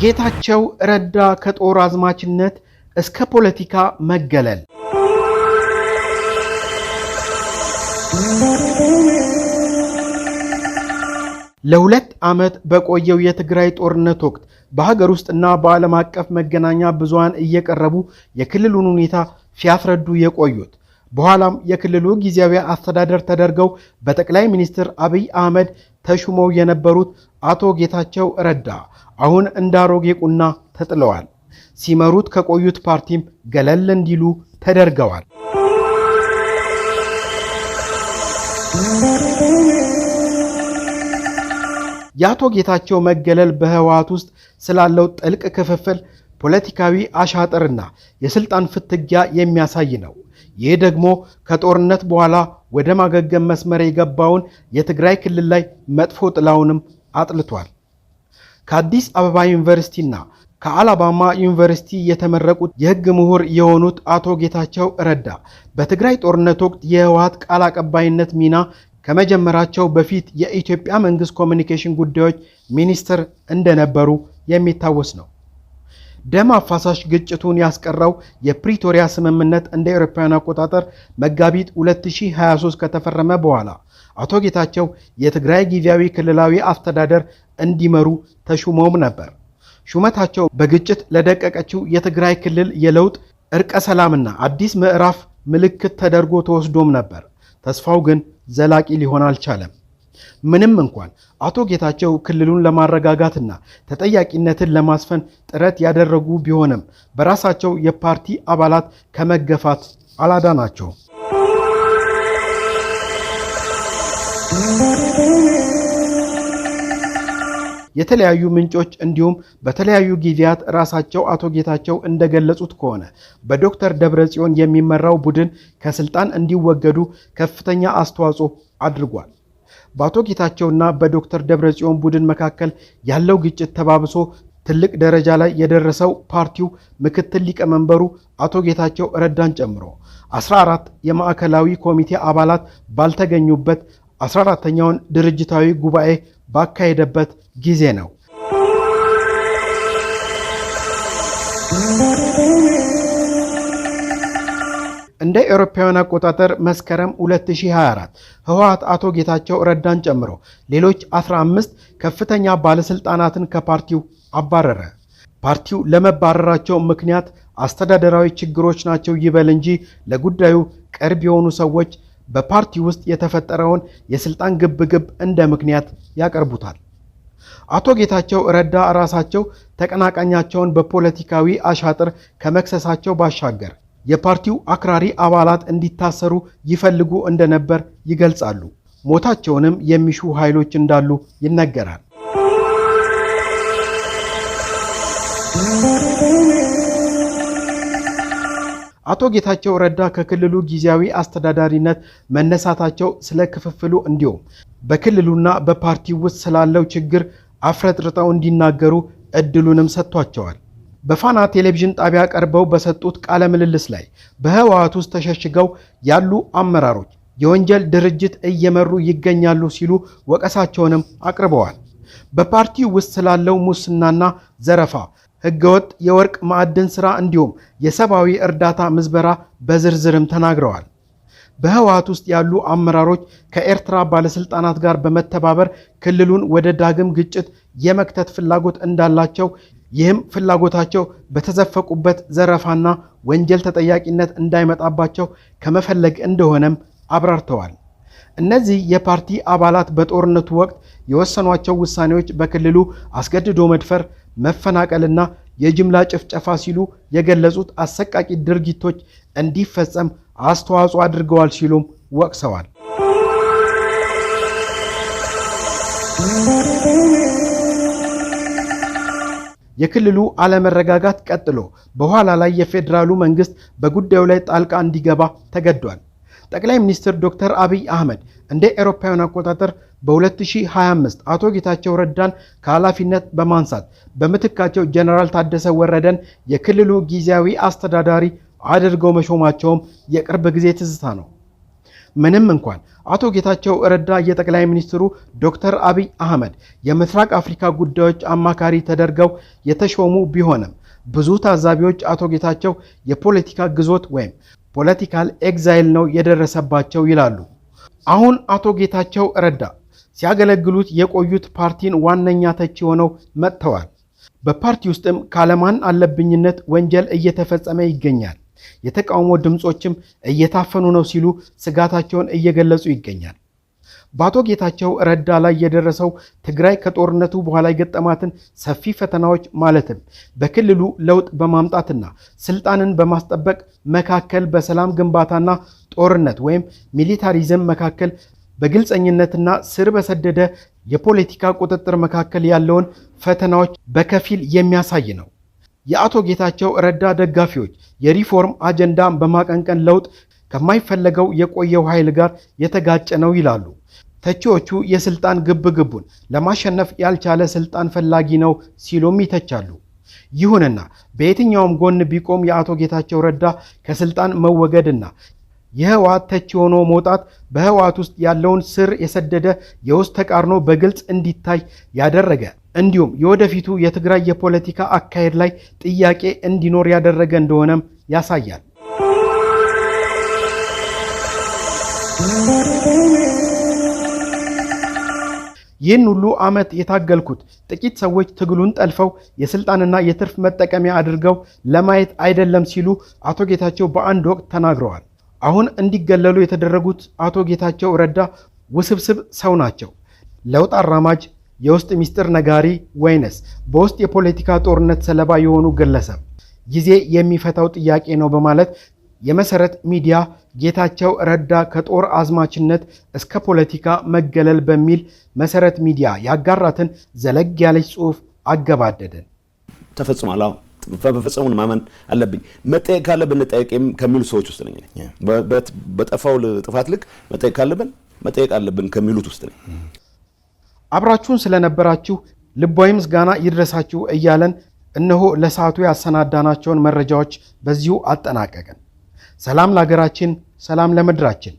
ጌታቸው ረዳ ከጦር አዝማችነት እስከ ፖለቲካ መገለል ለሁለት ዓመት በቆየው የትግራይ ጦርነት ወቅት በሀገር ውስጥና በዓለም አቀፍ መገናኛ ብዙሃን እየቀረቡ የክልሉን ሁኔታ ሲያስረዱ የቆዩት በኋላም የክልሉ ጊዜያዊ አስተዳደር ተደርገው በጠቅላይ ሚኒስትር አብይ አህመድ ተሹመው የነበሩት አቶ ጌታቸው ረዳ አሁን እንደ አሮጌ ቁና ተጥለዋል። ሲመሩት ከቆዩት ፓርቲም ገለል እንዲሉ ተደርገዋል። የአቶ ጌታቸው መገለል በህወሓት ውስጥ ስላለው ጥልቅ ክፍፍል፣ ፖለቲካዊ አሻጥርና የስልጣን ፍትጊያ የሚያሳይ ነው። ይህ ደግሞ ከጦርነት በኋላ ወደ ማገገም መስመር የገባውን የትግራይ ክልል ላይ መጥፎ ጥላውንም አጥልቷል። ከአዲስ አበባ ዩኒቨርሲቲና ከአላባማ ዩኒቨርሲቲ የተመረቁት የሕግ ምሁር የሆኑት አቶ ጌታቸው ረዳ በትግራይ ጦርነት ወቅት የህወሀት ቃል አቀባይነት ሚና ከመጀመራቸው በፊት የኢትዮጵያ መንግስት ኮሚኒኬሽን ጉዳዮች ሚኒስትር እንደነበሩ የሚታወስ ነው። ደም አፋሳሽ ግጭቱን ያስቀረው የፕሪቶሪያ ስምምነት እንደ አውሮፓውያን አቆጣጠር መጋቢት 2023 ከተፈረመ በኋላ አቶ ጌታቸው የትግራይ ጊዜያዊ ክልላዊ አስተዳደር እንዲመሩ ተሹመውም ነበር። ሹመታቸው በግጭት ለደቀቀችው የትግራይ ክልል የለውጥ እርቀ ሰላምና አዲስ ምዕራፍ ምልክት ተደርጎ ተወስዶም ነበር። ተስፋው ግን ዘላቂ ሊሆን አልቻለም። ምንም እንኳን አቶ ጌታቸው ክልሉን ለማረጋጋትና ተጠያቂነትን ለማስፈን ጥረት ያደረጉ ቢሆንም በራሳቸው የፓርቲ አባላት ከመገፋት ናቸው። የተለያዩ ምንጮች እንዲሁም በተለያዩ ጊዜያት ራሳቸው አቶ ጌታቸው እንደገለጹት ከሆነ በዶክተር ደብረ ጽዮን የሚመራው ቡድን ከስልጣን እንዲወገዱ ከፍተኛ አስተዋጽኦ አድርጓል። በአቶ ጌታቸውና በዶክተር ደብረጽዮን ቡድን መካከል ያለው ግጭት ተባብሶ ትልቅ ደረጃ ላይ የደረሰው ፓርቲው ምክትል ሊቀመንበሩ አቶ ጌታቸው ረዳን ጨምሮ 14 የማዕከላዊ ኮሚቴ አባላት ባልተገኙበት 14ተኛውን ድርጅታዊ ጉባኤ ባካሄደበት ጊዜ ነው። እንደ ኤሮፓውያን አቆጣጠር መስከረም 2024 ህወሓት አቶ ጌታቸው ረዳን ጨምሮ ሌሎች 15 ከፍተኛ ባለስልጣናትን ከፓርቲው አባረረ። ፓርቲው ለመባረራቸው ምክንያት አስተዳደራዊ ችግሮች ናቸው ይበል እንጂ ለጉዳዩ ቅርብ የሆኑ ሰዎች በፓርቲ ውስጥ የተፈጠረውን የስልጣን ግብግብ እንደ ምክንያት ያቀርቡታል። አቶ ጌታቸው ረዳ ራሳቸው ተቀናቃኛቸውን በፖለቲካዊ አሻጥር ከመክሰሳቸው ባሻገር የፓርቲው አክራሪ አባላት እንዲታሰሩ ይፈልጉ እንደነበር ይገልጻሉ። ሞታቸውንም የሚሹ ኃይሎች እንዳሉ ይነገራል። አቶ ጌታቸው ረዳ ከክልሉ ጊዜያዊ አስተዳዳሪነት መነሳታቸው ስለ ክፍፍሉ እንዲሁም በክልሉና በፓርቲው ውስጥ ስላለው ችግር አፍረጥርጠው እንዲናገሩ እድሉንም ሰጥቷቸዋል። በፋና ቴሌቪዥን ጣቢያ ቀርበው በሰጡት ቃለ ምልልስ ላይ በህወሓት ውስጥ ተሸሽገው ያሉ አመራሮች የወንጀል ድርጅት እየመሩ ይገኛሉ ሲሉ ወቀሳቸውንም አቅርበዋል። በፓርቲው ውስጥ ስላለው ሙስናና ዘረፋ፣ ህገወጥ የወርቅ ማዕድን ሥራ እንዲሁም የሰብአዊ እርዳታ ምዝበራ በዝርዝርም ተናግረዋል። በህወሓት ውስጥ ያሉ አመራሮች ከኤርትራ ባለስልጣናት ጋር በመተባበር ክልሉን ወደ ዳግም ግጭት የመክተት ፍላጎት እንዳላቸው ይህም ፍላጎታቸው በተዘፈቁበት ዘረፋና ወንጀል ተጠያቂነት እንዳይመጣባቸው ከመፈለግ እንደሆነም አብራርተዋል። እነዚህ የፓርቲ አባላት በጦርነቱ ወቅት የወሰኗቸው ውሳኔዎች በክልሉ አስገድዶ መድፈር፣ መፈናቀልና የጅምላ ጭፍጨፋ ሲሉ የገለጹት አሰቃቂ ድርጊቶች እንዲፈጸም አስተዋጽኦ አድርገዋል ሲሉም ወቅሰዋል። የክልሉ አለመረጋጋት ቀጥሎ በኋላ ላይ የፌዴራሉ መንግስት በጉዳዩ ላይ ጣልቃ እንዲገባ ተገዷል። ጠቅላይ ሚኒስትር ዶክተር አብይ አህመድ እንደ ኤሮፓውያን አቆጣጠር በ2025 አቶ ጌታቸው ረዳን ከኃላፊነት በማንሳት በምትካቸው ጀነራል ታደሰ ወረደን የክልሉ ጊዜያዊ አስተዳዳሪ አድርገው መሾማቸውም የቅርብ ጊዜ ትዝታ ነው። ምንም እንኳን አቶ ጌታቸው ረዳ የጠቅላይ ሚኒስትሩ ዶክተር አብይ አህመድ የምስራቅ አፍሪካ ጉዳዮች አማካሪ ተደርገው የተሾሙ ቢሆንም ብዙ ታዛቢዎች አቶ ጌታቸው የፖለቲካ ግዞት ወይም ፖለቲካል ኤግዛይል ነው የደረሰባቸው ይላሉ። አሁን አቶ ጌታቸው ረዳ ሲያገለግሉት የቆዩት ፓርቲን ዋነኛ ተቺ ሆነው መጥተዋል። በፓርቲ ውስጥም ካለማን አለብኝነት ወንጀል እየተፈጸመ ይገኛል። የተቃውሞ ድምፆችም እየታፈኑ ነው ሲሉ ስጋታቸውን እየገለጹ ይገኛል። በአቶ ጌታቸው ረዳ ላይ የደረሰው ትግራይ ከጦርነቱ በኋላ የገጠማትን ሰፊ ፈተናዎች ማለትም በክልሉ ለውጥ በማምጣትና ስልጣንን በማስጠበቅ መካከል በሰላም ግንባታና ጦርነት ወይም ሚሊታሪዝም መካከል በግልጸኝነትና ስር በሰደደ የፖለቲካ ቁጥጥር መካከል ያለውን ፈተናዎች በከፊል የሚያሳይ ነው። የአቶ ጌታቸው ረዳ ደጋፊዎች የሪፎርም አጀንዳን በማቀንቀን ለውጥ ከማይፈለገው የቆየው ኃይል ጋር የተጋጨ ነው ይላሉ። ተቺዎቹ የስልጣን ግብግቡን ለማሸነፍ ያልቻለ ስልጣን ፈላጊ ነው ሲሉም ይተቻሉ። ይሁንና በየትኛውም ጎን ቢቆም የአቶ ጌታቸው ረዳ ከስልጣን መወገድና የህወሓት ተቺ ሆኖ መውጣት በህወሓት ውስጥ ያለውን ስር የሰደደ የውስጥ ተቃርኖ በግልጽ እንዲታይ ያደረገ እንዲሁም የወደፊቱ የትግራይ የፖለቲካ አካሄድ ላይ ጥያቄ እንዲኖር ያደረገ እንደሆነም ያሳያል። ይህን ሁሉ ዓመት የታገልኩት ጥቂት ሰዎች ትግሉን ጠልፈው የስልጣንና የትርፍ መጠቀሚያ አድርገው ለማየት አይደለም ሲሉ አቶ ጌታቸው በአንድ ወቅት ተናግረዋል። አሁን እንዲገለሉ የተደረጉት አቶ ጌታቸው ረዳ ውስብስብ ሰው ናቸው። ለውጥ አራማጅ የውስጥ ሚስጥር ነጋሪ ወይንስ በውስጥ የፖለቲካ ጦርነት ሰለባ የሆኑ ግለሰብ? ጊዜ የሚፈታው ጥያቄ ነው በማለት የመሰረት ሚዲያ ጌታቸው ረዳ ከጦር አዝማችነት እስከ ፖለቲካ መገለል በሚል መሰረት ሚዲያ ያጋራትን ዘለግ ያለች ጽሁፍ አገባደደን። ተፈጽሟል። መፈጸሙን ማመን አለብኝ። መጠየቅ ካለብን እንጠየቅ ከሚሉ ሰዎች ውስጥ ነኝ። በጠፋው ጥፋት ልክ መጠየቅ ካለብን መጠየቅ አለብን ከሚሉት ውስጥ ነኝ። አብራችሁን ስለነበራችሁ ልባዊ ምስጋና ይድረሳችሁ እያለን እነሆ ለሰዓቱ ያሰናዳናቸውን መረጃዎች በዚሁ አጠናቀቅን። ሰላም ለሀገራችን፣ ሰላም ለምድራችን።